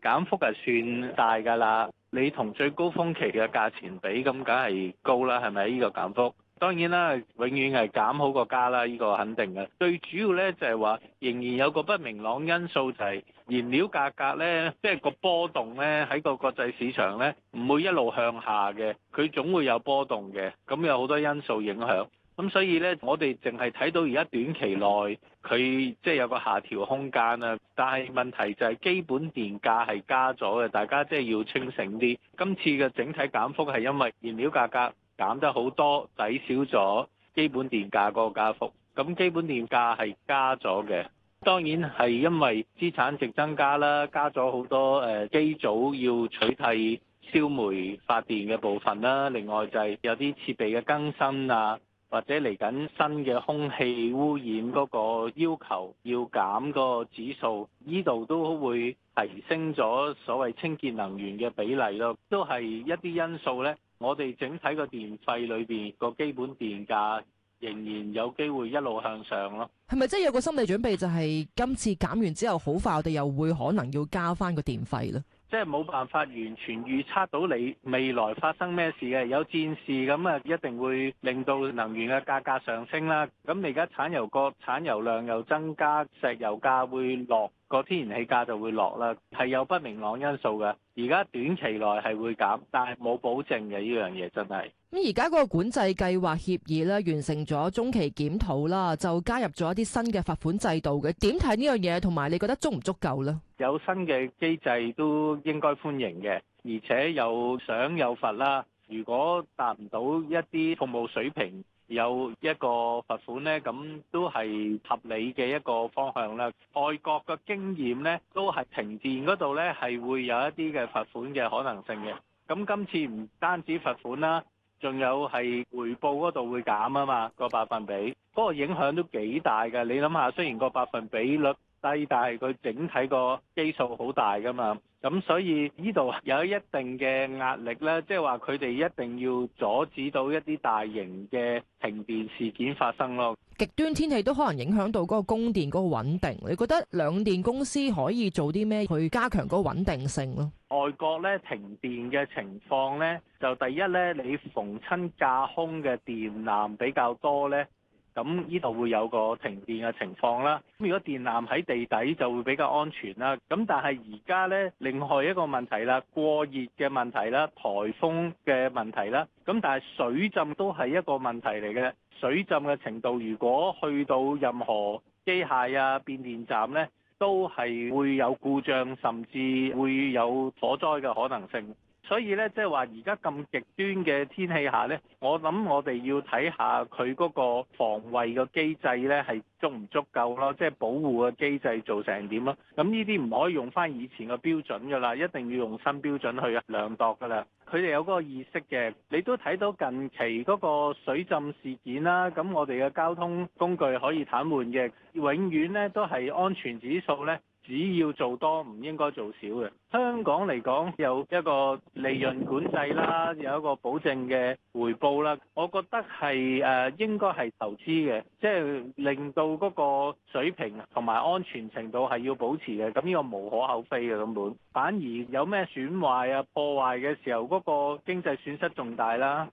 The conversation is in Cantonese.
減幅係算大㗎啦，你同最高峰期嘅價錢比，咁梗係高啦，係咪？呢個減幅，當然啦，永遠係減好過加啦，呢個肯定嘅。最主要呢，就係話，仍然有個不明朗因素就係燃料價格呢，即係個波動呢，喺個國際市場呢，唔會一路向下嘅，佢總會有波動嘅，咁有好多因素影響。咁所以咧，我哋淨係睇到而家短期內佢即係有個下調空間啊，但係問題就係基本電價係加咗嘅，大家即係要清醒啲。今次嘅整體減幅係因為燃料價格減得好多，抵少咗基本電價嗰個加幅。咁基本電價係加咗嘅，當然係因為資產值增加啦，加咗好多誒機組要取替燒煤發電嘅部分啦。另外就係有啲設備嘅更新啊。或者嚟緊新嘅空氣污染嗰個要求要減個指數，呢度都會提升咗所謂清潔能源嘅比例咯，都係一啲因素咧。我哋整體個電費裏邊個基本電價仍然有機會一路向上咯。係咪即係有個心理準備，就係今次減完之後，好快我哋又會可能要加翻個電費咧？即係冇辦法完全預測到你未來發生咩事嘅，有戰事咁啊，一定會令到能源嘅價格上升啦。咁你而家產油國產油量又增加，石油價會落。個天然氣價就會落啦，係有不明朗因素嘅。而家短期內係會減，但係冇保證嘅呢樣嘢真係。咁而家嗰個管制計劃協議咧完成咗中期檢討啦，就加入咗一啲新嘅罰款制度嘅。點睇呢樣嘢，同埋你覺得足唔足夠呢？有新嘅機制都應該歡迎嘅，而且有獎有罰啦。如果達唔到一啲服務水平，有一個罰款呢，咁都係合理嘅一個方向啦。外國嘅經驗呢，都係停電嗰度呢，係會有一啲嘅罰款嘅可能性嘅。咁今次唔單止罰款啦，仲有係回報嗰度會減啊嘛，個百分比嗰個影響都幾大㗎。你諗下，雖然個百分比率低，但係佢整體個基數好大㗎嘛，咁所以呢度有一定嘅壓力咧，即係話佢哋一定要阻止到一啲大型嘅停電事件發生咯。極端天氣都可能影響到嗰個供電嗰個穩定，你覺得兩電公司可以做啲咩去加強嗰個穩定性咯？外國咧停電嘅情況咧，就第一咧，你逢親架空嘅電纜比較多咧。咁呢度會有個停電嘅情況啦。咁如果電纜喺地底就會比較安全啦。咁但係而家呢，另外一個問題啦，過熱嘅問題啦，颱風嘅問題啦。咁但係水浸都係一個問題嚟嘅。水浸嘅程度，如果去到任何機械啊、變電站呢，都係會有故障，甚至會有火災嘅可能性。所以咧，即係話而家咁極端嘅天氣下呢，我諗我哋要睇下佢嗰個防衞嘅機制呢係足唔足夠咯？即係保護嘅機制做成點咯？咁呢啲唔可以用翻以前嘅標準噶啦，一定要用新標準去量度噶啦。佢哋有個意識嘅，你都睇到近期嗰個水浸事件啦。咁我哋嘅交通工具可以癱瘓嘅，永遠呢都係安全指數呢。只要做多唔應該做少嘅，香港嚟講，有一個利潤管制啦，有一個保證嘅回報啦，我覺得係誒、呃、應該係投資嘅，即係令到嗰個水平同埋安全程度係要保持嘅，咁、這、呢個無可厚非嘅根本。反而有咩損壞啊破壞嘅時候，嗰、那個經濟損失仲大啦。